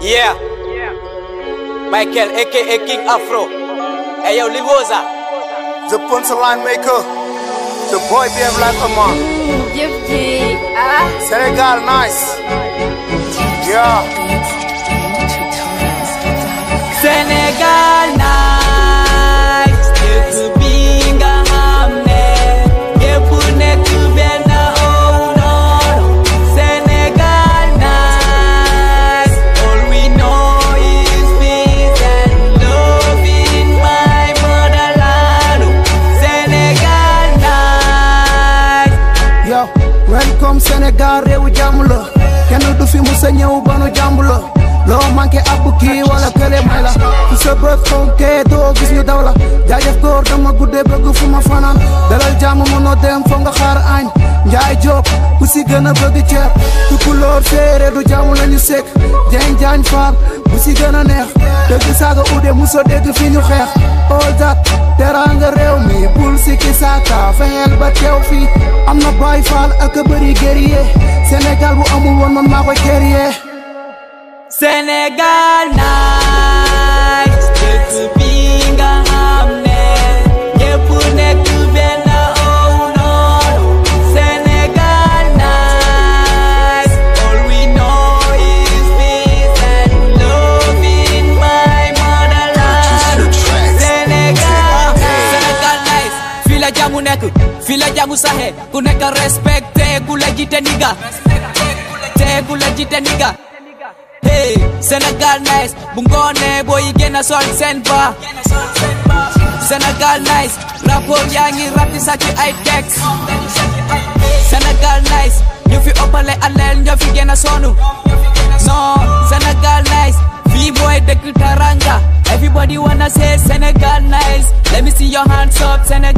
Yeah. Michael, aka King Afro. Hey yo, the Woza. The punchline maker. The boy behave like a man. Senegal, nice. Yeah. comme Sénégal réewu jàmm la kenn du fi musa ñëw ba nu jàmm la loo wala kële may la fu sa bët fonkee doo gis ñu daw la jaajëf góor dama guddee bëgg fu ma fanaan dalal jàmm mënoo dem foo nga xaar añ njaay job ku si gën a bëgg ceeb du couleur séeré du jàmm la ñu sekk jeen faar bu si gën a neex dëgg saaga ude muso dégg fi ñu xeex all that teranga réew mi bul si ki saaka fexeel ba teew fii am na Baay Faal ak bëri guerrier Sénégal bu amul woon man maa koy guerrier Sénégal naa neku Fila jangu sahe ku nek respect ku lagi legit niga Te ku legit niga Hey Senegal nice bungone boy gena sol senpa Senegal nice rapo yangi rapi sachi i text Senegal nice fi opale alel fi gena sonu No Senegal nice V-boy the Taranga Everybody wanna say Senegal nice Let me see your hands up Senegal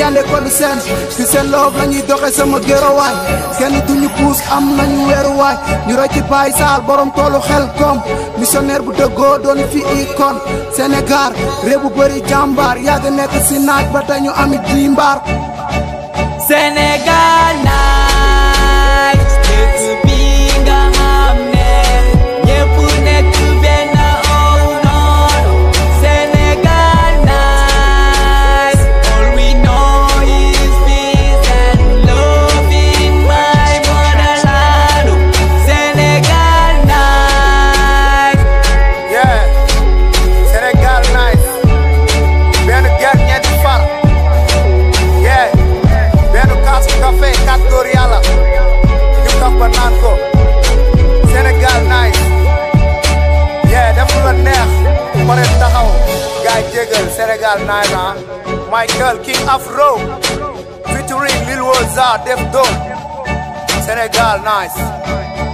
yande kodu seen ci seen loof la ñuy doxe sama gérowaay kenn duñu puus am nañu weeruwaay ñu roy ci Baye Sall borom toolu xel koom missionnaire bu dëggoo doon fi icône Sénégal réew bu bëri jàmbaar yàgg nekk si naaj ba tey ñu ami jimbaar Sénégal Sky Jagger, Senegal Naira, Michael King Afro, featuring Lil Wozard, Def Dog, Senegal Nice.